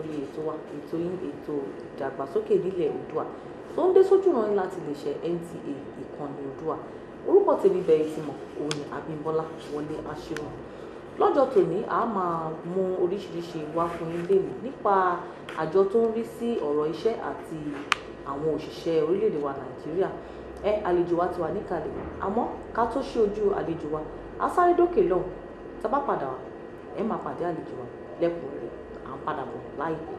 torí ètò wa ètò yín ètò ìdàgbàsókè nílẹ̀ oòdùà tó ń dé sójú ràn yín láti lè ṣe NTA ìkànnì oòdùà orúkọ tèmi bẹ̀rẹ̀ ti mọ̀ òun ni Abímbọ́lá Wọlé Aṣírun lọ́jọ́ tòní a máa mú oríṣiríṣi wá fún yín lèmi nípa àjọ tó ń rí sí ọ̀rọ̀ iṣẹ́ àti àwọn òṣìṣẹ́ orílẹ̀-èdè wa Nàìjíríà ẹ àlejò wa ti wà níkàlẹ̀ àmọ́ ká tó ṣí ojú àlejò wa a sáré dókè lọ́hùn tá a bá padà wá ẹ máa pàdé àlejò wa lẹ́kùnrin padà bọ̀ láìpẹ́.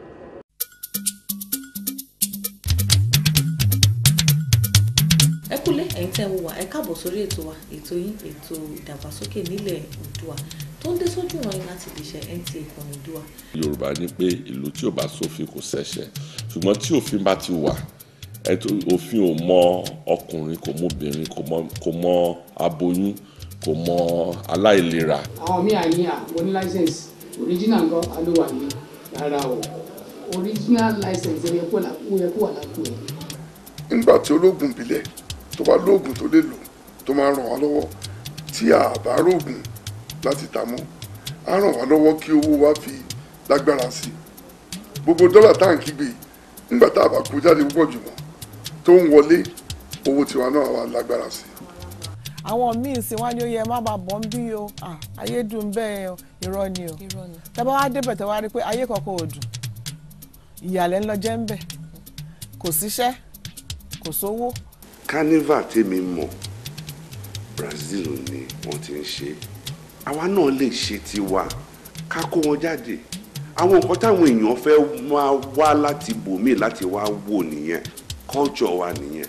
ẹ kúlé ẹ̀yin tẹ́ ń wà ẹ káàbọ̀ sórí ètò wa ètò yín ètò ìdàgbàsókè nílẹ̀ Oòduà tó ń dé sójú wọn yín láti lè ṣe NTA ìkànnì Oòduà. Yorùbá ní pé ìlú tí ò bá sófin kò ṣẹ̀ṣẹ̀ ṣùgbọ́n tí òfin bá ti wà òfin ò mọ ọkùnrin kò mọ obìnrin kò mọ aboyún kò mọ aláìlera. àwọn mi àyè à wọ́n ní license original gan-an wà nínú rárá o original license yẹ kó wà lápò ẹ̀. nígbà tí ológun bílẹ̀ tó bá lóògùn tó lè lò tó máa ràn wá lọ́wọ́ tí a bá rògùn láti tà mọ́ á ràn wá lọ́wọ́ kí owó wa fi lágbára sí i gbogbo dọ́là tá à ń kígbe nígbà tá a bá kó jáde púpọ̀ jùmọ̀ tó ń wọlé owó tiwa náà wà lágbára sí i àwọn míì sì wá ní ó yẹ má bàa bọ̀ ń bí o ah. Ah, ayé dùn bẹ́ẹ̀ o irọ́ ni o tẹ́bá wá débẹ̀ tẹ́wá rí pé ayé kọ̀ọ̀kan ò dùn ìyàlẹ́ ń lọ jẹ́ ń bẹ̀ kò síṣẹ́ kò sówó. kánífà tèmi mọ̀ Brazil ni wọ́n ti ń ṣe àwa náà lè ṣe tiwa ká kó wọn jáde àwọn nǹkan táwọn èèyàn fẹ́ máa wá láti bòmíì láti wá wò nìyẹn culture wa nìyẹn.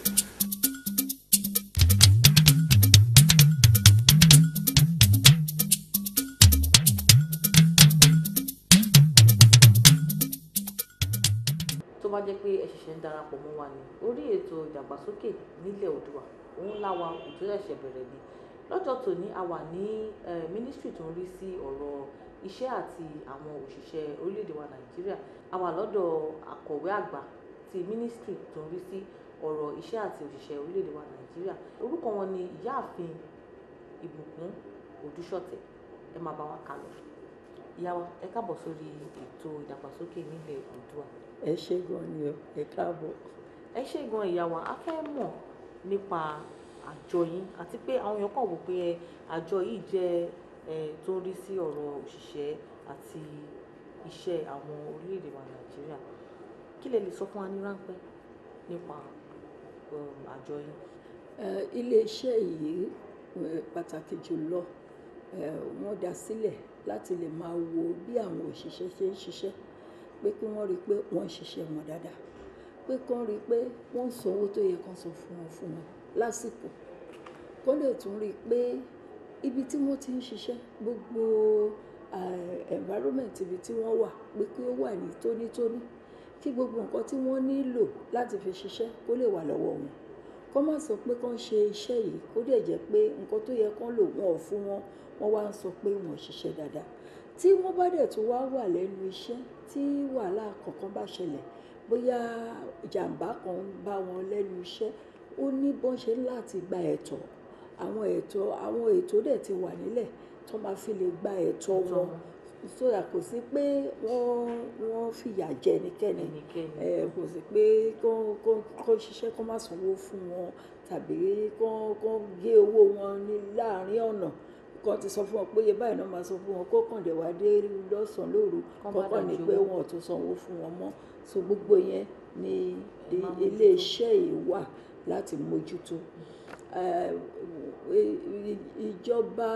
jẹ́ pé ẹ ṣẹ̀ṣẹ̀ ń darapọ̀ mọ́ wa ni orí ètò ìdàgbàsókè nílẹ̀ Oòduà òun láwa òjò ṣẹ̀ṣẹ̀ bẹ̀rẹ̀ ni lọ́jọ́ tòní a wà ní mínísítì tó ń rí sí ọ̀rọ̀ iṣẹ́ àti àwọn òṣìṣẹ́ orílẹ̀-èdè wa Nàìjíríà a wà lọ́dọ̀ akọ̀wé àgbà ti mínísítì tó ń rí sí ọ̀rọ̀ iṣẹ́ àti òṣìṣẹ́ orílẹ̀-èdè wa Nàìjíríà orúkọ wọn ni ìyáàfin Ìbùkún Òdúṣọ̀tẹ̀ ẹ máa bá wa kà ìyá wa ẹ káàbọ̀ sórí ètò ìdàgbàsókè nílẹ̀ Oòduà ẹ ṣe gan ni o ẹ káàbọ̀. ẹ ṣe gan ìyá wa a fẹ́ mọ̀ nípa àjọ yín àti pé àwọn èèyàn kàn wò pé àjọ yìí jẹ́ tó ń rí sí ọ̀rọ̀ òṣìṣẹ́ àti iṣẹ́ àwọn orílẹ̀-èdè wa nàìjíríà kí lẹ lè sọ fún wa ní ráńpẹ́ nípa àjọ yín. iléeṣẹ́ yìí pàtàkì jùlọ wọ́n dá sílẹ̀ láti lè máa wo bí àwọn òṣìṣẹ́ ṣe ń ṣiṣẹ́ pé kí wọ́n rí i pé wọ́n ń ṣiṣẹ́ wọn dáadáa pé kí wọ́n rí i pé wọ́n ń sanwó tó yẹ kán san fún wọn fún wọn lásìkò kó lè tún rí i pé ibi tí wọ́n ti ń ṣiṣẹ́ gbogbo eh, environment ibi tí wọ́n wà pé kí ó wà ní tónítóní kí gbogbo nǹkan tí wọ́n nílò láti fi ṣiṣẹ́ kó lè wà lọ́wọ́ wọn kó má sọ pé kán ṣe iṣẹ́ yìí kó dẹ̀ jẹ́ pé nǹkan tó yẹ kán lò wọ́n fún wọn wọ́n wá ń sọ pé wọ́n ṣiṣẹ́ dáadáa tí wọ́n bá dẹ̀ tó wá wà lẹ́nu iṣẹ́ tí wàhálà kankan bá ṣẹlẹ̀ bóyá ìjàmbá kan ń bá wọn lẹ́nu iṣẹ́ ó ní bọ́n ṣe láti gba ẹ̀tọ́ àwọn ẹ̀tọ́ àwọn ètò dẹ̀ ti wà nílẹ̀ tó máa fi lè gba ẹ̀tọ́ wọn so that kò sí pé wọ́n wọ́n fìyà jẹ ẹnikẹ́ni kò sí pé kó ṣiṣẹ́ kó má sanwó fún wọn tàbí kó gé owó wọn ní láàárín ọ̀nà kọ́ ti sọ fún wọn pé iye báyìí náà máa sọ fún wọn kó kàndé wá dé lọ́sàn-án lóru kọ́kọ́ ni pé wọn ò tún sanwó fún wọn mọ́ so gbogbo yẹn ni iléeṣẹ́ yìí wà láti mójútó ìjọba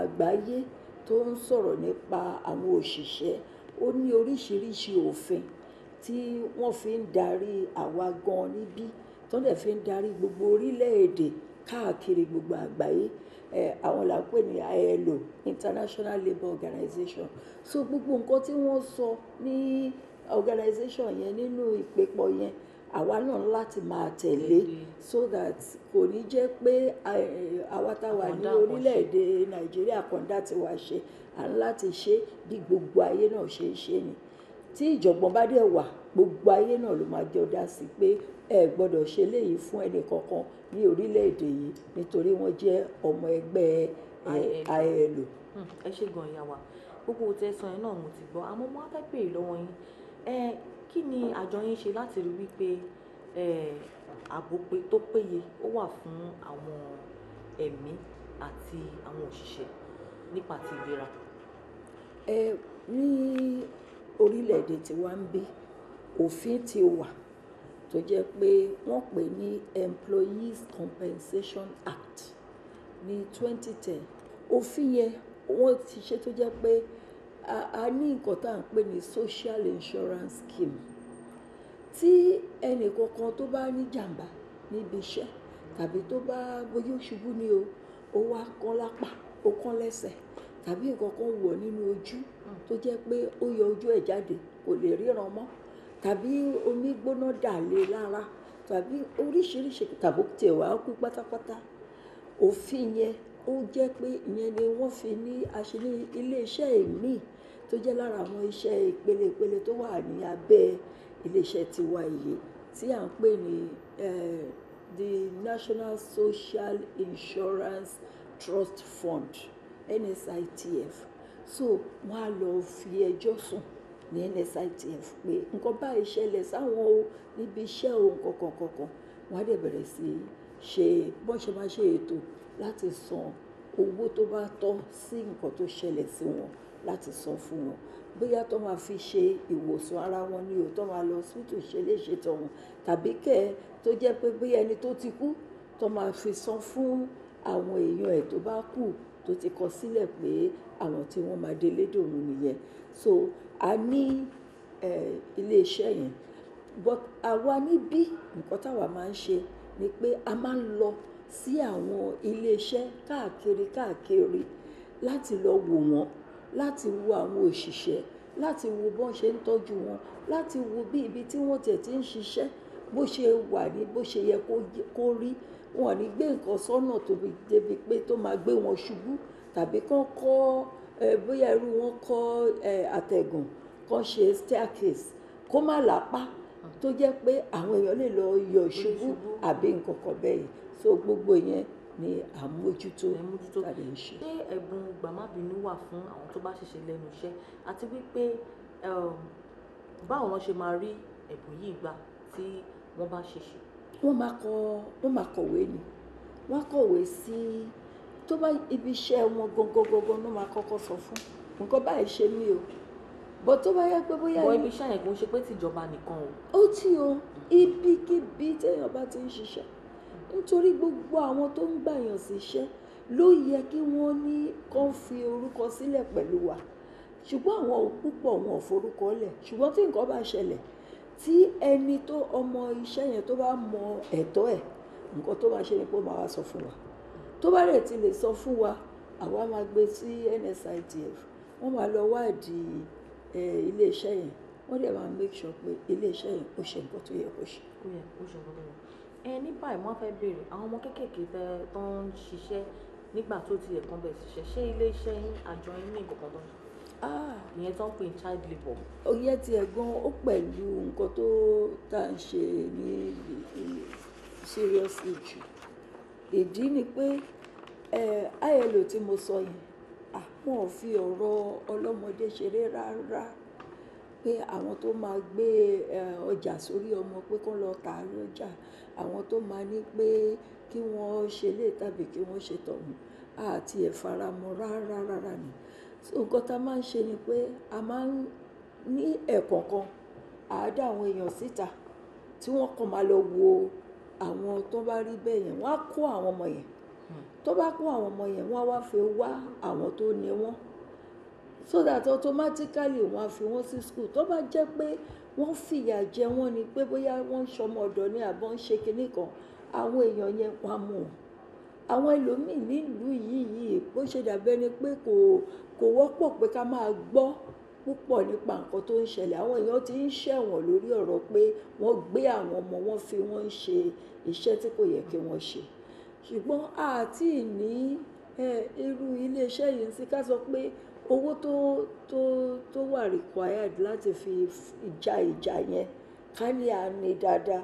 àgbáyé tó ń sọ̀rọ̀ nípa àwọn òṣìṣẹ́ ó ní oríṣiríṣi òfin tí wọ́n fi ń darí àwa gan níbí tó dẹ̀ fi ń darí gbogbo orílẹ̀-èdè káàkiri gbogbo àgbáyé Eh, àwọn là ń pè ní ILO International Labour Organization so gbogbo nǹkan tí wọ́n sọ ní organization yẹn nínú ìpépọ̀ yẹn àwa náà láti máa tẹ̀lé so that kò ní jẹ́ pé eh, àwa táwa ní orílẹ̀-èdè Nàìjíríà kọ̀ńdà tiwa ṣe à ń láti ṣe bí gbogbo ayé náà ṣe ń ṣe ni tí ìjọ̀gbọ́n bá dẹ̀ wà gbogbo ayé náà ló máa jọ dá sí pé ẹ gbọ́dọ̀ ṣe léyìí fún ẹnì kankan ní orílẹ̀-èdè yìí nítorí wọ́n jẹ́ ọmọ ẹgbẹ́ ILO. Hmm, ẹ ṣe gan ìyá wa gbogbo tẹsán ẹ náà mo ti gbọ́ àmọ́ mo á fẹ́ béèrè lọ́wọ́ yín ẹ kí ni àjọ yín ṣe láti rí wípé ààbò tó péye ó wà fún àwọn ẹ̀mí àti àwọn òṣìṣẹ́ nípa ti ìlera. ẹ ní orílẹ̀-èdè tí wá ń bí òfin ti wà tó jẹ́ pé wọ́n pè ní Employees Compensation Act ní 2010 òfin yẹn wọ́n ti ṣe tó jẹ́ pé a ní nǹkan tá à ń pè ní social insurance scheme tí ẹnì kankan tó bá ní jàǹbá níbi iṣẹ́ tàbí tó bá bóyá ó ṣubú ni o ó wá kán lápá ó kán lẹ́sẹ̀ tàbí nǹkan kan wọ̀ nínú ojú hmm. tó jẹ́ pé ó yọ ojú ẹ̀ jáde kò lè ríran mọ́ tàbí omi gbóná dà lé lára tàbí oríṣiríṣi tàbí tiẹ̀ wá kú pátápátá òfin yẹn ó jẹ́ pé ìyẹn ni wọ́n fi ní aṣèlú iléeṣẹ́ ìmíì tó jẹ́ lára àwọn iṣẹ́ ìpele ìpele tó wà ní abẹ́ iléeṣẹ́ tiwa yìí tí à ń pè ní eh, the National Social Insurance Trust Fund nsitf so wọ́n á lọ fi ẹjọ́ sùn ní nsitf pé nǹkan báyìí ṣẹlẹ̀ sáwọn o níbi iṣẹ́ o kankan kankan wọ́n á dẹ̀ bẹ̀rẹ̀ sí í ṣe bọ́n ṣe máa ṣe ètò láti san owó tó bá tọ́ sí nǹkan tó ṣẹlẹ̀ sí wọn láti san fún wọn bóyá tó máa fi ṣe ìwòsàn ara wọn ni o tó máa lọ hospital ṣe léṣe tọ̀hún tàbí kẹ́ ẹ tó jẹ́ pé bóyá ẹni tó ti kú tó máa fi san fún àwọn èèyàn ẹ̀ tó bá kù tó ti kọ sílẹ̀ pé àwọn tí wọ́n máa délé dòun nìyẹn so a ní iléeṣẹ́ yẹn but àwa níbí nǹkan táwa máa ń ṣe ni pé a máa ń lọ sí àwọn iléeṣẹ́ káàkiri káàkiri láti lọ wò wọ́n láti wo àwọn òṣìṣẹ́ láti wo bọ́n ṣe ń tọ́jú wọn láti wo bí ibi tí wọ́n tẹ̀ ti ń ṣiṣẹ́ bó ṣe wà ní bó ṣe yẹ kó rí wọn ò ní gbé nǹkan sọ́nà tóbi débi pé tó máa gbé wọn ṣubú tàbí kán kọ́ bóyá irú wọn kọ́ àtẹ̀gùn kán ṣe staircase kó má lápá tó jẹ́ pé àwọn èèyàn lè lọ yọ ṣubú àbí nǹkan kan bẹ́ẹ̀ so gbogbo yẹn ni àmójútó tàbí ń ṣe. ṣé ẹ̀bùn gbàmábìínú wà fún àwọn tó bá ṣiṣẹ́ lẹ́nu iṣẹ́ àti wípé báwọn ṣe máa rí ẹ̀bùn yìí gbà tí wọ́n bá ṣèṣe wọ́n máa kọ wọ́n máa kọ̀wé ni wọ́n á kọ̀wé sí tó bá ibi iṣẹ́ wọn gangan gangan ló máa kọ́kọ́ sọ fún nǹkan báyìí ṣe mí o bọ́ tó bá yẹ pé bóyá. wọ ibi iṣẹ́ yẹn kò ń ṣe pé tìjọba nìkan o. ó ti o ibikíbi téèyàn bá ti ń ṣiṣẹ́ nítorí gbogbo àwọn tó ń gbàyàn síṣẹ́ ló yẹ kí wọ́n ní kán fi orúkọ sílẹ̀ pẹ̀lú wa ṣùgbọ́n àwọn púpọ̀ wọn ò forúkọ lẹ̀ ṣùgbọ́n tí nǹkan bá ṣẹlẹ̀ tí ẹni tó ọmọ iṣẹ́ yẹn tó bá mọ ẹ̀tọ́ ẹ̀ nǹkan tó máa ṣe ni pé ó máa wá sọ fún wa tó bá rẹ̀ ti lè sọ fún wa àwa máa gbé sí NSITF wọ́n máa lọ wádìí ilé iṣẹ́ yẹn wọ́n dẹ̀ máa make sure pé ilé iṣẹ́ yẹn ó ṣe nǹkan tó yẹ kó ṣe. ẹ ní báyìí wọ́n fẹ́ béèrè àwọn ọmọ kéékèèké tẹ tó ń ṣiṣẹ́ nígbà tó ti ẹ̀kan bẹ̀ ṣiṣẹ́ ṣé ilé yín àjọ yín ní ìkọ̀kan tó ìyẹn tó ń pè child labour. oyè tiẹ̀ e gan ó pẹ̀lú nǹkan tó tá ń ṣe ní serious issue ìdí ni pé ILO tí mo sọ yìí àwọn ò fi ọ̀rọ̀ ọlọ́mọdé ṣeré rárá pé àwọn tó máa gbé ọjà sórí ọmọ pé kán lọ tà á lọ́jà àwọn tó máa ní pé kí wọ́n ṣe lè tàbí kí wọ́n ṣe tọ̀hún àti ẹ̀faramọ́ rárá rárá ni nǹkan tá a máa ń ṣe ni pé a máa ń ní ẹ̀kọ̀ọ̀kan àádọ́ àwọn èèyàn síta tí wọ́n kàn máa lọ wo àwọn tó bá rí bẹ́ẹ̀ yẹn wọ́n á kó àwọn ọmọ yẹn tó bá kó àwọn ọmọ yẹn wọ́n á wá fi wá àwọn tó ní wọ́n so that automatically wọ́n á fi wọ́n sí school tó bá jẹ́ pé wọ́n fìyà jẹ wọ́n ni pé bóyá wọ́n ń ṣọmọ ọ̀dọ̀ ni àbọ̀ ń ṣe kinní kan àwọn èèyàn yẹn wọ́n á mú un àwọn ẹlòmíì nílùú yìí yìí bó ṣe dàbẹ́ ni pé kò kò wọ́pọ̀ pé ká máa gbọ́ púpọ̀ nípa nǹkan tó ń ṣẹlẹ̀ àwọn èèyàn ti ń ṣẹ̀wọ̀n lórí ọ̀rọ̀ pé wọ́n gbé àwọn ọmọ wọn fi wọ́n ń ṣe iṣẹ́ tí kò yẹ kí wọ́n ṣe ṣùgbọ́n àti ní irú iléeṣẹ́ yìí sí ká sọ pé owó tó tó tó wà required láti fi ìjà ìjà yẹn ká ní àmì dáadáa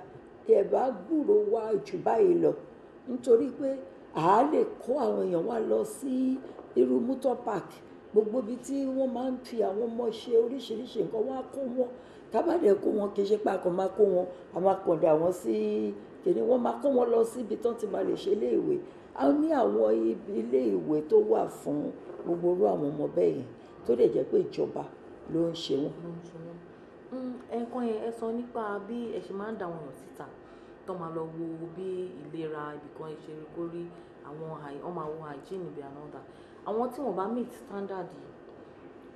ẹ̀ bá gbúrò wá jù báyìí lọ nítorí pé àá lè kó àwọn èèyàn wá lọ sí irú mútọ́ park gbogbo ibi tí wọ́n máa ń fi àwọn ọmọ ṣe oríṣiríṣi nǹkan wọ́n á kó wọn tábàdẹ̀ kó wọn kì í ṣe pé àkàn máa kó wọn a máa kàn dà wọ́n sí kìnìún wọ́n máa kó wọn lọ síbi tán ti máa lè ṣe iléèwé a ní àwọn iléèwé tó wà fún gbogbo orú àwọn ọmọ bẹ́ẹ̀ yẹn tó dẹ̀ jẹ́ pé ìjọba ló ń ṣe wọ́n. Hmm, ẹ̀kan yẹn ẹ sọ nípa bí ẹ ṣe máa ń dà wọn síta tó máa lọ wo bí ìlera ibìkan ìṣeré àwọn ọmọ àwọn àìjíǹnì bí another àwọn tí wọn bá meet standard yìí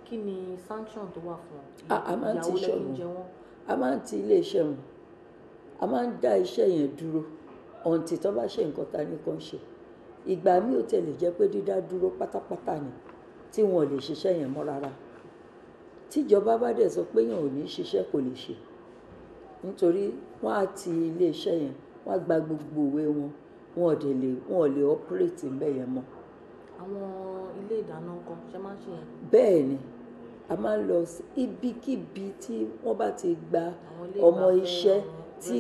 kí ni sanction tó wà fún ọ ìyàwó lẹ́yìn jẹ wọ́n. a máa ń ti ilé iṣẹ́ mu a máa ń dá iṣẹ́ yẹn dúró ọ̀ǹtì tó bá ṣe nǹkan ta ní kan ṣe ìgbà mi ò tẹ̀lé jẹ́ pé dídá dúró pátápátá ni tí wọn ò lè ṣiṣẹ́ yẹn mọ́ rárá tíjọba bá dẹ̀ sọ pé yẹn ò ní ṣiṣẹ́ kò lè ṣe nítorí wọ́n á ti ilé iṣẹ́ yẹn wọ́n á gba gbogbo òwe wọn wọn ò lè wọn ò lè operate ń bẹ̀ yẹn mọ́ àwọn ilé ìdáná kan ṣe máa ń ṣe yẹn. bẹ́ẹ̀ ni a máa ń lọ ibikíbi tí wọ́n bá ti gba ọmọ iṣẹ́ tí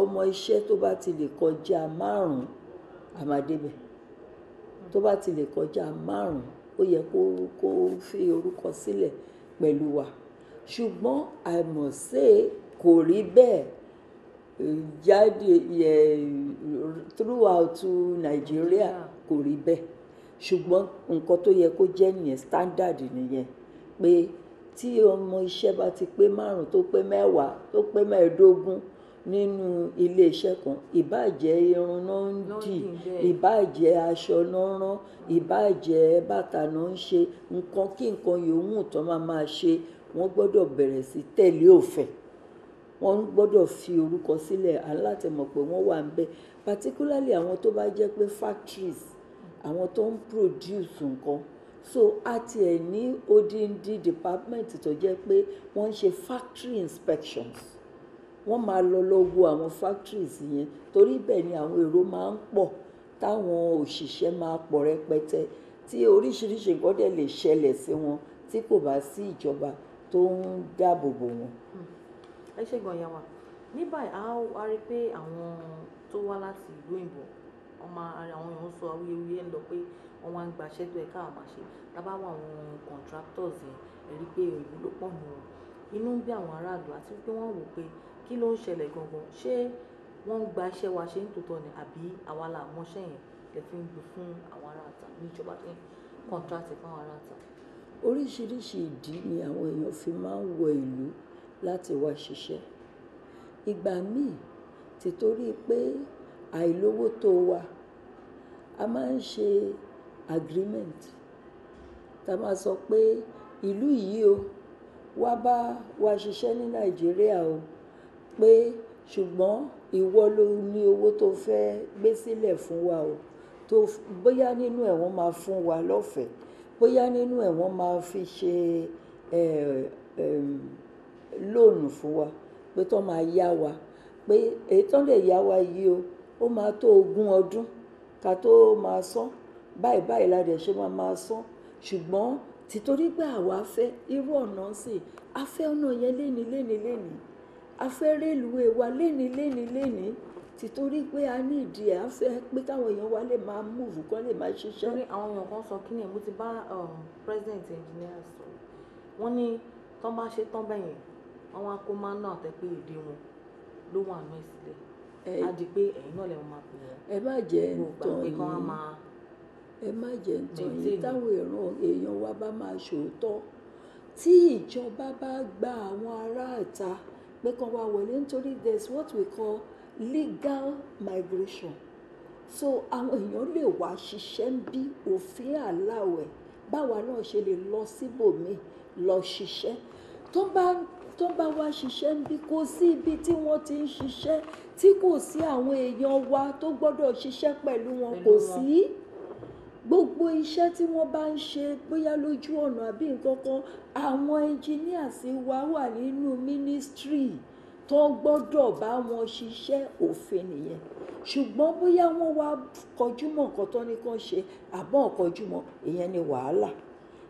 ọmọ iṣẹ́ tó bá ti lè kọjá márùn-ún tó bá ti lè kọjá márùn ó yẹ kó kó fi orúkọ sílẹ̀ pẹ̀lú wa ṣùgbọ́n àìmọ̀ṣe kò rí bẹ́ẹ̀ jáde throughout Nigeria kò rí bẹ́ẹ̀ ṣùgbọ́n nǹkan tó yẹ kó jẹ́ nìyẹn standard nìyẹn pé tí ọmọ iṣẹ́ bá ti pé márùn tó pé mẹ́wàá tó pé mẹ́ẹ̀ẹ́dógún nínú iléeṣẹ́ kan ìbàjẹ́ irun náà ń dì ìbàjẹ́ aṣọ náà rán ìbàjẹ́ bàtà náà ń ṣe nǹkan kí nǹkan yòówù tó máa máa ṣe wọ́n gbọ́dọ̀ bẹ̀rẹ̀ sí tẹ̀lé òfin wọ́n gbọ́dọ̀ fi orúkọ sílẹ̀ alátẹ̀mọ̀ pé wọ́n wà ń bẹ̀ particularly àwọn tó bá jẹ́ pé factories àwọn tó ń produce nǹkan so a tiẹ̀ ní odindi department tó jẹ́ pé wọ́n ń ṣe factory inspections wọ́n máa lọ lọ wo àwọn factories yẹn torí bẹ́ẹ̀ ni àwọn èrò máa ń pọ̀ táwọn òṣìṣẹ́ máa pọ̀ rẹpẹtẹ tí oríṣiríṣi nǹkan dẹ̀ lè ṣẹlẹ̀ sí wọn tí kò bá sí ìjọba tó ń dáàbò bò wọn. ẹ ṣe gan ní báyìí a rí i pé àwọn tó wá láti ìlú òyìnbó wọ́n máa àwọn èèyàn sọ awuyewuye ń lọ pé wọ́n wá ń gbaṣẹ́ tó ẹ̀ka àwọn àṣẹ tábà wọ àwọn contractors yẹn ẹ̀rí pé èyí ló pọ̀ nù wọn inú ń bí àwọn aráàlú àti pé wọ́n wò pé kí ló ń ṣẹlẹ̀ gangan ṣé wọ́n ń gba iṣẹ́ wa ṣe ń tòótọ́ ni àbí àwa là mọ́ṣẹ́ yẹn lè fi ń gbé fún àwọn aráàta níjọba tó ń kọ́ńtrátì fún àwọn aráàta. oríṣiríṣi ìdí ni àwọn èèyàn fi máa ń wọ ìlú láti wá ṣiṣẹ́ ìgbà míì tìtorí pé àìlówó tó wa a máa ń ṣe agreement tá a máa sọ pé ìlú yìí o wá bá wa ṣiṣẹ́ ní nàìjíríà o pé ṣùgbọ́n ìwọ ló ní owó tó fẹ́ gbé sílẹ̀ fún wa o tó bóyá nínú ẹ̀ wọ́n máa fún wa lọ́fẹ̀ẹ́ bóyá nínú ẹ̀ wọ́n máa fi ṣe lóònù fún wa pé tó máa yá wa pé èyí tó lè yá wa yìí o ó máa tó ogún ọdún ká tó máa sọ báyìí báyìí la dẹ̀ ṣe máa máa sọ ṣùgbọ́n títorí pé àwa fẹ́ irú ọ̀nà sí a fẹ́ ọ̀nà yẹn léni léni léni a fẹ́ rélùwé wa léni léni léni títorí pé a ní ìdí ẹ̀ a fẹ́ pé káwọn èèyàn wa lè máa múùfù kán lè máa ṣiṣẹ́. torí àwọn èèyàn kan sọ kí ni mo ti bá um, president engineer sọ wọ́n ní tán bá ṣe tán bẹ́yẹn wọ́n wá kó máa ná àtẹ̀pé ìdí wọn ló wà ní ìsílẹ̀ á di pé ẹ̀yin náà lè máa pè é. ẹ má jẹ́ ń tàn yín ẹ má jẹ́ ń tàn yín táwọn ìran èèyàn wa bá máa ṣòótọ́ tí ìjọba bá gba àwọn aráàta pé kàn wá wọlé nítorí there is what we call legal migration so àwọn èèyàn lè wá ṣiṣẹ́ ń bí òfin àláwẹ̀ báwa náà ṣe lè lọ síbòmíì lọ ṣiṣẹ́ tó bá tó bá wá ṣiṣẹ́ níbi kò sí ibi tí wọ́n ti ń ṣiṣẹ́ tí kò sí àwọn èèyàn wa tó gbọ́dọ̀ ṣiṣẹ́ pẹ̀lú wọn kò sí gbogbo iṣẹ́ tí wọ́n bá ń ṣe bóyá lójú ọ̀nà àbí nǹkan kan àwọn engineers wa wà nínú ministry tó gbọ́dọ̀ bá wọn ṣiṣẹ́ òfin nìyẹn ṣùgbọ́n bóyá wọ́n wá kọjú mọ́ nǹkan tó ní kàn ṣe àbọ̀ kọjú mọ́ ìyẹn ni wàhálà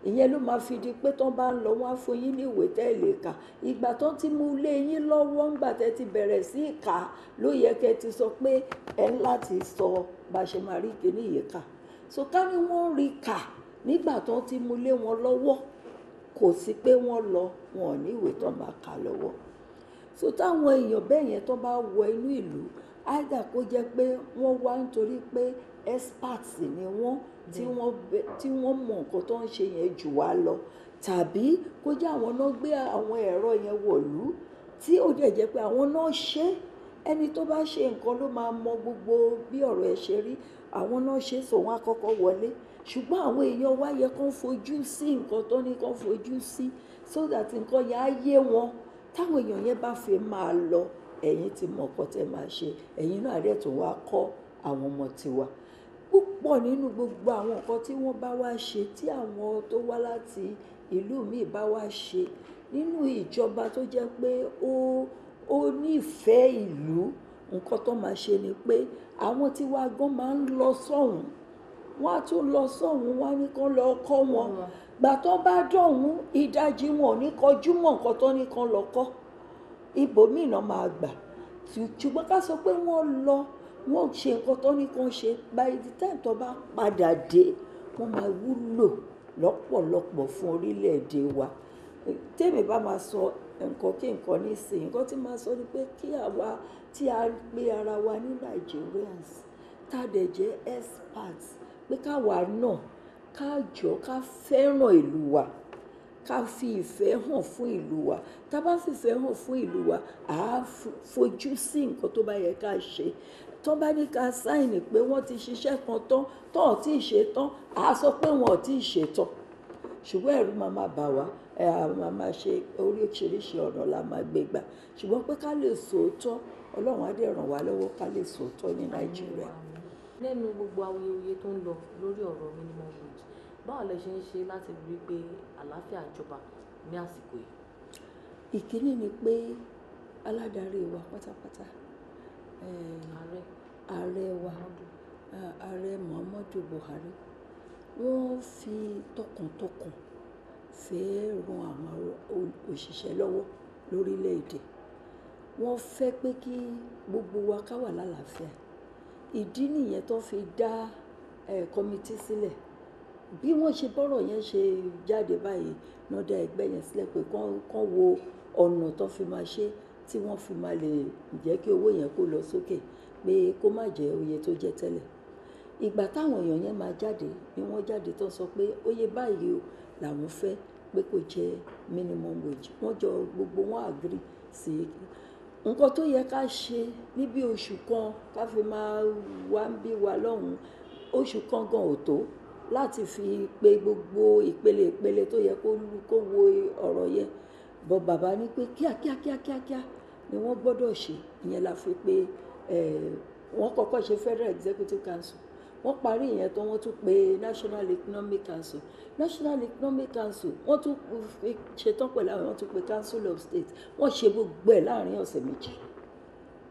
ìyẹn ló máa fi di pé tán bá ń lọ wọ́n fún yín ní ìwé tẹ́lẹ̀ kà ìgbà tán ti mú lé yín lọ́wọ́ ńgbà tẹ́ ti bẹ̀rẹ̀ sí ìka ló yẹ kẹ́ ti sọ pé ẹ láti sọ bá a ṣe máa rí kíní yìí kà so ká ní wọ́n rí kà nígbà tán ti mú lé wọn lọ́wọ́ kò sí pé wọ́n lọ wọn ò ní ìwé tán máa kà lọ́wọ́ so táwọn èèyàn bẹ́ẹ̀ yẹn tán bá wọ inú ìlú áìdà kó jẹ́ pé wọ́n wá nítorí pé experts ni wọ́n tí wọ́n mọ nǹkan tó ń ṣe yẹn jù wá lọ tàbí kó jẹ́ àwọn náà gbé àwọn ẹ̀rọ yẹn wọ̀lú tí ó dẹ̀ jẹ́ pé àwọn náà ṣe ẹni tó bá ṣe nǹkan ló máa mọ gbogbo bí ọ̀rọ̀ ẹ̀ ṣe rí àwọn náà ṣe sọ wọn àkọ́kọ́ wọlé ṣùgbọ́n àwọn èèyàn wa yẹ kó fojú sí nǹkan tó ní kó fojú sí so that nǹkan yẹn á yé wọn táwọn èèyàn yẹn bá fi máa lọ ẹ̀yin ti mọ̀ ọ̀pọ̀ tẹ́ máa ṣe ẹ̀yin náà rẹ̀ tó wá kọ́ àwọn ọmọ tiwa púpọ̀ nínú gbogbo àwọn nǹkan tí wọ́n bá wá ṣe tí àwọn tó wá láti ìlú míì bá wá ṣe nínú ìjọba tó jẹ́ pé ó ó nífẹ̀ẹ́ ìlú nǹkan tó máa ṣe ni pé àwọn tí wá gan máa ń lọ sọ́hùn wọ́n á tún lọ sọ́hùn wọ́n á ní kán lọ kọ́ wọn gbà tó bá dọ̀hún ìdajì wọn ò ní kọjú mọ́ nǹkan tó ní kán lọ kọ́ ibòmíràn máa gbà ṣùgbọ́n ká sọ pé wọ́n lọ wọ́n ṣe nǹkan tó ní kàn ṣe by the time tó bá padà dé wọ́n máa wúlò lọ́pọ̀lọpọ̀ fún orílẹ̀-èdè wa tèmi bá máa sọ nǹkan kí nǹkan nísìnyí nǹkan tí máa sọ ni pé kí àwa tí a gbé ara wa ní Nigerians tá a dẹ̀ jẹ́ experts pé káwa náà ká jọ ká fẹ́ràn ìlú wa ká fi ìfẹ́ hàn fún ìlú wa tá a bá fi ìfẹ́ hàn fún ìlú wa à fojú sí nǹkan tó bá yẹ ká ṣe tó bá ní ká sáìnì pé wọ́n ti ṣiṣẹ́ kan tán tó ò tí ì ṣe tán á sọ pé wọn ò tí ì ṣe tán ṣùgbọ́n ẹ̀rù máa máa bà wá ẹ̀ máa máa ṣe oríṣiríṣi ọ̀nà la máa gbé gbà ṣùgbọ́n pé ká lè sòótọ́ ọlọ́run á dẹ̀ ràn wá lọ́wọ́ ká lè sòótọ́ ní nàìjíríà. lẹ́nu gbogbo awuyewuye tó ń lọ lórí ọ̀rọ̀ minimum wage báwo lẹ ṣe ń ṣe láti rí pé àlàáfíà jọba ní àsìkò yìí. ìkíní ni pé aládarí wa pátápátá ààrẹ wa ààrẹ muhammadu buhari wọ́n fi tọkàntọkàn fẹ́ ran àwọn òṣìṣẹ́ lọ́wọ́ lórílẹ̀‐èdè wọ́n fẹ́ pé kí gbogbo wa ká wà lálàáfíà ìdí nìyẹn tó fi dá kọ́mítì sílẹ̀ bí wọ́n ṣe bọ́rọ̀ yẹn ṣe jáde báyìí náà dá ẹgbẹ́ yẹn sílẹ̀ pé kán wo ọ̀nà tó fi máa ṣe é tí wọ́n fi máa lè jẹ́ kí owó yẹn kó lọ sókè pé kó má jẹ́ oye tó jẹ́ tẹ́lẹ̀ ìgbà táwọn èèyàn yẹn máa jáde ni wọ́n jáde tó sọ pé oye báyìí làwọn fẹ́ pé kó jẹ́ minimum wage wọ́n jọ gbogbo wọn àgírí sí i nǹkan tó yẹ ká ṣe níbi oṣù kan ká fi máa wá ń bí wa lọ́hùn-ún oṣù kan gan ò tó láti fi pe gbogbo ìpele ìpele tó yẹ kó wo ọ̀rọ̀ yẹn bọ̀ bàbá ní pé kíákíákíákíá ni wọ́n gbọ́dọ̀ ṣe ìyẹn la fi pé wọ́n kọ́kọ́ ṣe federal executive council wọ́n parí ìyẹn tán wọ́n tún pe national economic council national economic council wọ́n tún ṣetán pẹ̀lú àwọn wọ́n tún pe council of state wọ́n ṣe gbogbo ẹ̀ láàrin ọ̀sẹ̀ méjì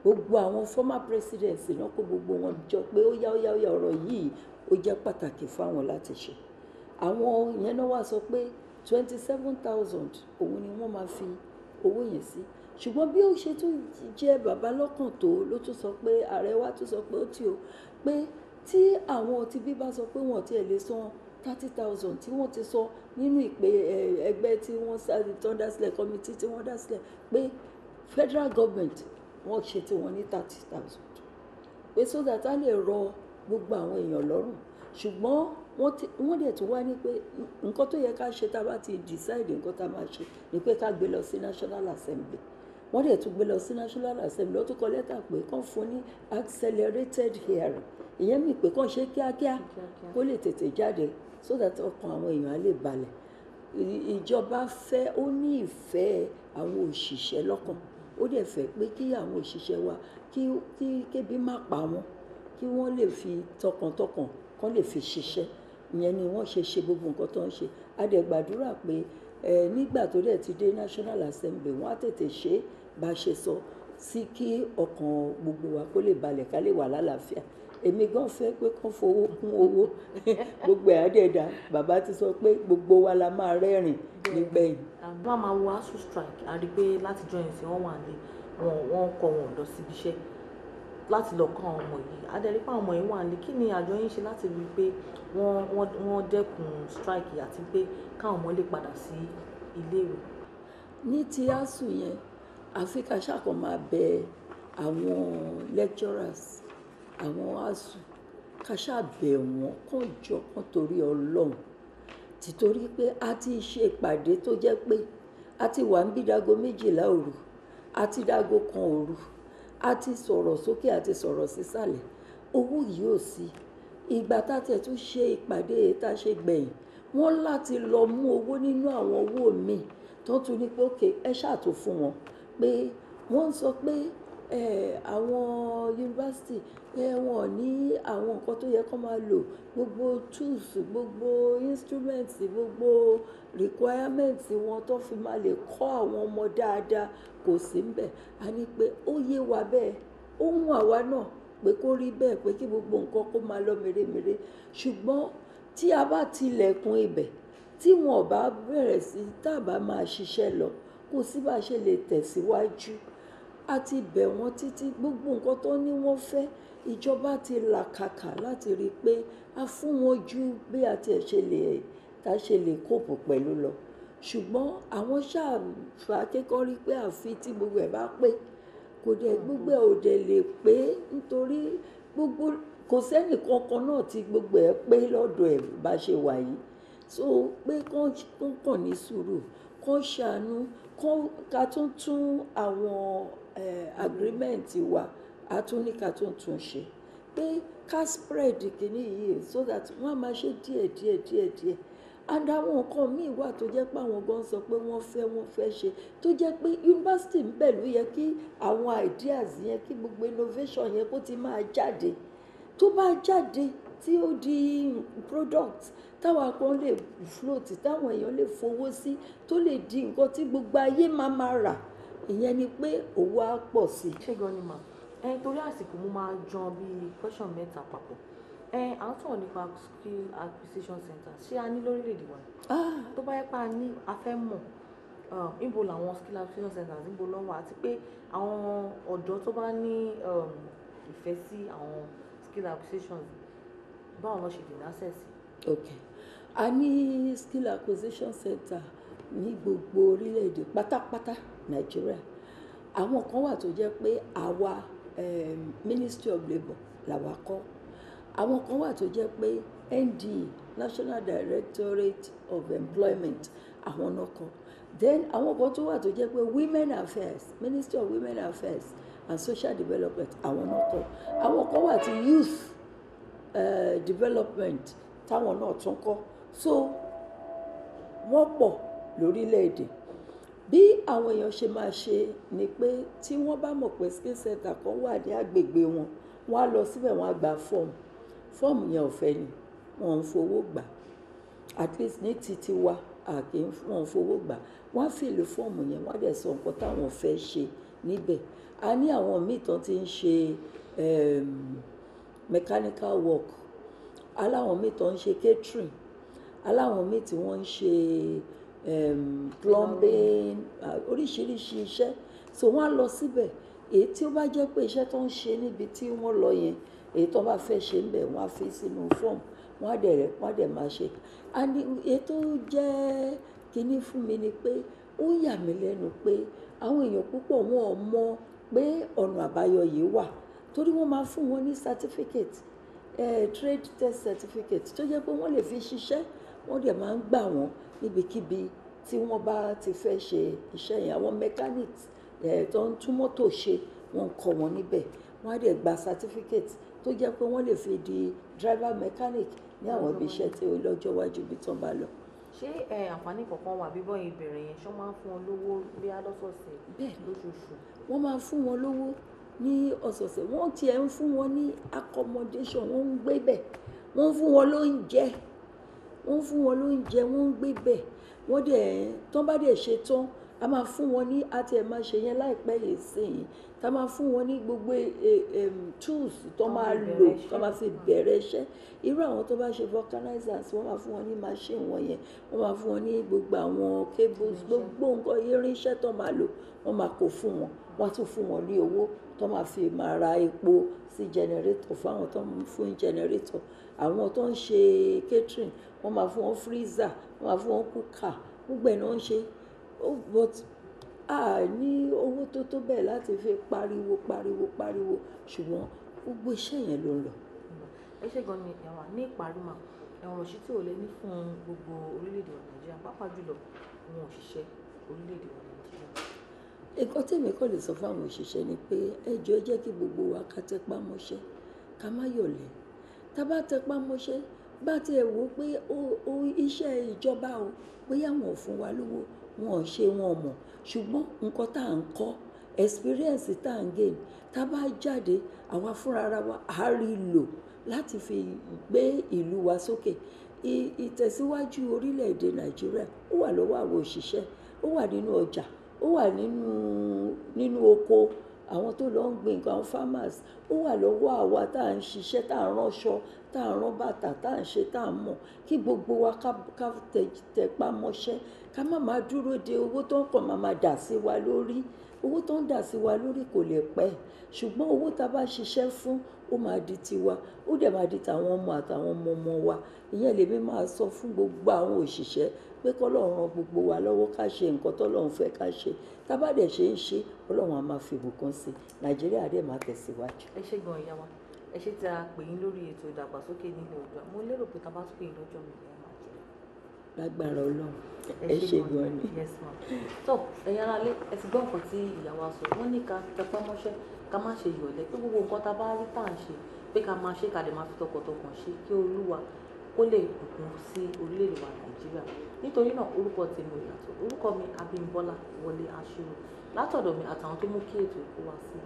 gbogbo àwọn former presidents náà kó gbogbo wọn jọ pé ó yá ó yá ó yá ọ̀rọ̀ yìí ó jẹ́ pàtàkì fáwọn láti ṣe àwọn yẹn náà wá sọ pé twenty seven thousand òun ni wọ́n máa fi owó yẹn sí. Si ṣùgbọ́n bí ó ṣe tún jẹ́ bàbá lọ́kàn tó ló tún sọ pé ààrẹ wa tún sọ pé ó ti o pé tí àwọn ti bí bá sọ pé wọ́n ti ẹ̀ lè san thirty thousand tí wọ́n ti sọ nínú ìpè ẹgbẹ́ tí wọ́n sáré tán dá sílẹ̀ committee tí wọ́n dá sílẹ̀ pé federal government wọ́n ṣe tiwọn ní thirty thousand pé so that a lè rọ gbogbo àwọn èèyàn lọ́rùn ṣùgbọ́n wọ́n dẹ̀ tún wá ní pé nǹkan tó yẹ ká ṣe tá a bá ti decide nǹkan tá a máa ṣe ni pé ká gbé lọ sí National Assembly wọ́n dẹ̀ tún gbé lọ sí national assembly ó tún kọ lẹ́tà pé kàn fún ní accelerated hearing ìyẹn mi pé kàn ṣe kíákíá kó lè tètè jáde so that ọkàn àwọn èèyàn á lè balẹ̀ ìjọba fẹ́ ó ní ìfẹ́ àwọn òṣìṣẹ́ lọ́kàn ó dẹ̀ fẹ́ pé kí àwọn òṣìṣẹ́ wa kí kí kébi má pa wọn kí wọ́n lè fi tọkàntọkàn kán lè fi ṣiṣẹ́ ìyẹn ni wọ́n ṣe ṣe gbogbo nǹkan tó ń ṣe a dẹ̀ gbàdúrà nígbà tó dẹ̀ ti dé National Assembly wọ́n á tètè ṣe bá ṣe sọ sí kí ọkàn gbogbo wa kó lè balẹ̀ ká lè wà lálàáfíà èmi gan fẹ́ pé kán fowó kún owó gbogbo àádẹ́dà bàbá ti sọ pé gbogbo wa la máa rẹ́rìn nígbẹ̀yìn. àbúrò máa wọ asu strike àrí pé join yẹn sí wọ́n wà ní wọn kọ wọn ọ̀dọ́ síbi iṣẹ́ láti lọ kọ́ àwọn ọmọ yìí adẹ́rí pé ọmọ yìí wà ní kí ni àjọ yín ṣe láti rí i pé wọ́n dẹ́kun strike àti pé káwọn ọmọ lè padà sí iléèwé. ní ti asuu yẹn àfi ṣàkó máa bẹ àwọn lecturers àwọn asu, ká ṣàbẹ̀ wọ́n kàn jọ kàn torí ọlọ́run tìtorí pé a ti ṣe ìpàdé tó jẹ́ pé a ti wà ń bí dago méjìlá òru a ti dago kan òru a ti sọ̀rọ̀ sókè a ti sọ̀rọ̀ sísàlẹ̀ owó yìí ò sí ìgbà tá a tẹ̀ tún ṣe ìpàdé tá a ṣe gbẹ̀yìn wọ́n láti lọ mú owó nínú àwọn owó míì tó tún ní pé òkè ẹ ṣáà tó fún wọn pé wọ́n sọ pé àwọn yunifásítì pé wọn ò ní àwọn nǹkan tó yẹ kó máa lò gbogbo tools gbogbo instruments gbogbo requirements wọn tó fi máa lè kọ́ àwọn ọmọ dáadáa kò sí ń bẹ̀ a ní pé ó yé wa bẹ́ẹ̀ ó ń wà wá náà pé kó rí bẹ́ẹ̀ pé kí gbogbo nǹkan kó máa lọ mèremère ṣùgbọ́n tí a bá tilẹ̀kùn ibẹ̀ tí wọn ò bá bẹ̀rẹ̀ sí tá a bá máa ṣiṣẹ́ lọ kò sí bá a ṣe lè tẹ̀síwájú a ti bẹ̀ wọ́n títí gbogbo nǹkan tó ní wọ́n fẹ́ ìjọba ti làkàkà láti rí i pé a fún wọn ju bí a ti ṣe lè ta ṣe lè kópò pẹ̀lú lọ ṣùgbọ́n àwọn ṣàfà kékọ́ rí pé àfi tí gbogbo ẹ̀ bá pé kò dẹ̀ gbogbo ẹ̀ ò dẹ̀ lè pé nítorí gbogbo kò sẹ́nì kankan náà tí gbogbo ẹ̀ pé lọ́dọ̀ ẹ̀ bá ṣe wà yìí so pé kán kàn ní sùúrù kán ṣàánú kán ká tún tún àwọn Eh, agreement wa a tún ní ká tún tún ṣe pé ká spread kìíní yìí so that wọ́n á máa ṣe díẹ̀ díẹ̀ díẹ̀ díẹ̀ and àwọn nǹkan míì wà tó jẹ́ pé àwọn gan sọ pé wọ́n fẹ́ wọ́n fẹ́ ṣe tó jẹ́ pé yunifásitì ń bẹ̀ ló yẹ kí àwọn ideas yẹn kí gbogbo innovation yẹn kó ti máa jáde tó bá jáde tí ó di product táwọn kan lè float táwọn èèyàn lè fowó sí tó lè di nǹkan tí gbogbo ayé máa máa rà ìyẹn ni pé owó á pọ̀ sí. ṣé gan ni mà ẹ torí àsìkò mo máa jan bíi question mẹ́ta papọ̀ ẹ à ń sọ̀rọ̀ nípa skill acquisition center ṣé a ní lórílẹ̀‐èdè wa ah. tó bá yẹ pé a ní a fẹ́ mọ̀ um, níbo làwọn skill acquisition centers níbo ló wà àti pé àwọn ọ̀dọ́ tó bá ní um, ìfẹ́ sí àwọn skill acquisition báwo ló ṣe dènà access. ok a ní skill acquisition center ní gbogbo orílẹ̀-èdè pátápátá. Nigeria. àwọn kan wà tó jẹ́ pé àwa um, ministry of labour làwa kọ́ àwọn kan wà tó jẹ́ pé NDE national directorate of employment àwọn náà kọ́ then àwọn kan tó wà tó jẹ́ pé women affairs ministry of women affairs and social development àwọn náà kọ́ àwọn kan wà tí youth uh, development táwọn náà tún kọ́ so wọ́n pọ̀ lórílẹ̀‐èdè Bí àwọn èèyàn ṣe máa ṣe ni pé tí wọ́n bá mọ̀ pé skill center kan wà ní agbègbè wọn, wọ́n á lọ síbẹ̀ wọ́n á gba fọ́ọ̀mù. Fọ́ọ̀mù yẹn ọ̀fẹ́ ni, wọ́n ń fowó gbà. At least ní titi wa, a kì í wọ́n ń fowó gbà. Wọ́n á fìlì fọ́ọ̀mù yẹn, wọ́n á dẹ̀ sọ nǹkan táwọn fẹ́ ṣe níbẹ̀. A ní àwọn mìí tán tí ń ṣe, ehm, mechanical work. Aláwọn mìí tán ń ṣe catering. Aláwọn mìí tí wọ́n ń ṣe um, plumbing uh, oríṣiríṣi iṣẹ́ so wọ́n á lọ síbẹ̀ èyí tí ó bá jẹ́ pé iṣẹ́ tó ń ṣe níbi tí wọ́n lọ yẹn èyí tó bá fẹ́ ṣe ń bẹ̀ wọ́n á fi sínú fọ́ọ̀mù wọ́n á dẹ̀ rẹ̀ wọ́n á dẹ̀ máa ṣe àní èyí tó jẹ́ kínní fún mi ni pé ó yà mí lẹ́nu pé àwọn èèyàn púpọ̀ wọn ò mọ pé ọ̀nà àbáyọ yìí wà torí wọ́n máa fún wọn ní certificate eh, trade test certificate tó jẹ́ pé wọ́n lè fi ṣiṣẹ́ wọ́n dẹ̀ máa ń gbà wọ́n níbikíbi tí wọ́n bá ti fẹ́ ṣe iṣẹ́ yẹn àwọn mechanics tó ń tún mọ́tò ṣe wọ́n ń kọ́ wọn níbẹ̀ wọ́n á dẹ̀ gba certificate tó jẹ́ pé wọ́n lè fi di driver mechanic ní àwọn ibi iṣẹ́ tí olọ́jọ́ iwájú ibi tán bá lọ. ṣé àǹfààní kankan wà bíbọ̀ ìbẹ̀rẹ̀ yẹn ṣọ́ máa ń fún wọn lówó bí alọ́sọ̀ọ̀sẹ̀ lóṣooṣù. wọ́n máa ń fún wọn lówó ní ọ̀sọ̀ọ̀sẹ̀ wọ́n tiẹ̀ ń fún wọn ní accommodation wọ́n ń gbé bẹ̀ wọ́n ń fún wọn lóúnjẹ wọ́n ń fún wọn lóúnjẹ wọ́n ń gbé bẹ̀ wọ́n dẹ̀ tán bá dẹ̀ ṣe tán a máa fún wọn ní àti ẹ̀ máa ṣe yẹn láìpẹ́ yìí sẹ́yìn tá a máa fún wọn ní gbogbo e, tools tó máa lò tó máa fi bẹ̀rẹ̀ iṣẹ́ irú àwọn tó bá ṣe vulcanizers wọ́n máa fún wọn ní machine wọn yẹn wọ́n máa fún wọn ní gbogbo àwọn cables gbogbo nǹkan irinṣẹ́ tó máa lò wọ́n máa kó fún wọn wọ́n á tún fún wọn ní owó tó máa fi máa ra epo sí generator fún àwọn tó ń fún generator àwọn tó ń ṣe catering wọ́n máa fún wọn freezer wọ́n máa fún wọn cooker gbogbo ẹ̀ náà ń ṣe oh, but a ní owó tó tó bẹ́ẹ̀ láti fi pariwo pariwo pariwo ṣùgbọ́n gbogbo iṣẹ́ yẹn ló ń lọ. ẹ ṣe gan ni ẹwà ní ìparí mà ẹwọn òṣì tí ò lè ní fún gbogbo orílẹ̀-èdè wa nàìjíríà pàápàá jùlọ àwọn òṣìṣẹ́ orílẹ̀-èdè wa nàìjíríà. nǹkan tèmi kò lè sọ fún àwọn òṣìṣẹ́ ni pé ẹ jọ̀ọ́ ẹ jẹ́ kí gbogbo wa ká tẹpá mọ́ṣẹ́ ká má yọ̀lẹ tá a bá tẹpá mọ́ṣẹ́ bá ti ẹ̀ wò pé ó iṣẹ́ ìjọba o bóyá wọn ò fún wa lówó wọn ò ṣe wọn mọ̀ ṣùgbọ́n nǹkan tá à ń kọ́ experience tá à ń gain tá bá jáde àwa fúnra wa á rí lò láti fi gbé ìlú wa sókè ìtẹ̀síwájú orílẹ̀-èdè nàìjíríà ó wà lọ́wọ́ àwọn òṣìṣẹ́ ó wà nínú ọjà ó wà nínú oko àwọn tó lọ ń gbìn nǹkan farmers ó wà lọ́wọ́ àwa tá à ń ṣiṣẹ́ tá à ń ránṣọ tá a ń rán bàtà tá a ń ṣe tá à ń mọ̀ kí gbogbo wa ká tẹpá mọ́ṣẹ́ ká má má dúró de owó tó ń kàn má má dà sí wa lórí owó tó ń dà sí wa lórí kò lè pẹ́ ṣùgbọ́n owó tá a bá ṣiṣẹ́ fún ó máa di tiwa ó dẹ̀ máa di tàwọn ọmọ àtàwọn ọmọ ọmọ wa ìyẹn lèmi máa sọ fún gbogbo àwọn òṣìṣẹ́ pé kọ́lọ́run ran gbogbo wa lọ́wọ́ ká ṣe nǹkan tọ́lọ́run fẹ́ ká ṣe tá ṣe ń ṣe ọlọ́run á máa fi ìbùkún sí nàìjíríà dẹ̀ máa tẹ̀síwájú. ẹ ṣe gan ìyá wa ẹ ṣe tí a pè yín lórí ètò ìdàgbàsókè nílẹ̀ Oòduà mo lérò pé tá a bá tún pè yín lọ́jọ́ mi ẹ máa jẹ́. lágbára Ọlọ́run ẹ ṣe gan ni. tó ẹ̀yin ara lé ẹ ti gbọ́ nǹkan tí ìyàwó aṣọ wọn ní ká tẹpá mọ́ṣẹ́ ká má ṣe yọ̀lẹ́ pé gbogbo nǹkan tá a bá rí tá à ń ṣe pé ká máa ṣe ká lè máa fi tọkàntọkàn ṣe kí Olúwa kó lè bùkún sí orílẹ̀-èdè wa Nàìjíríà nítorí náà orúkọ tèmi ò yàtọ̀ orúkọ mi Abímbọ́lá Wọlé Aṣírò látọ̀dọ̀ mi àtàwọn tó mú kí ètò ìkó wá sí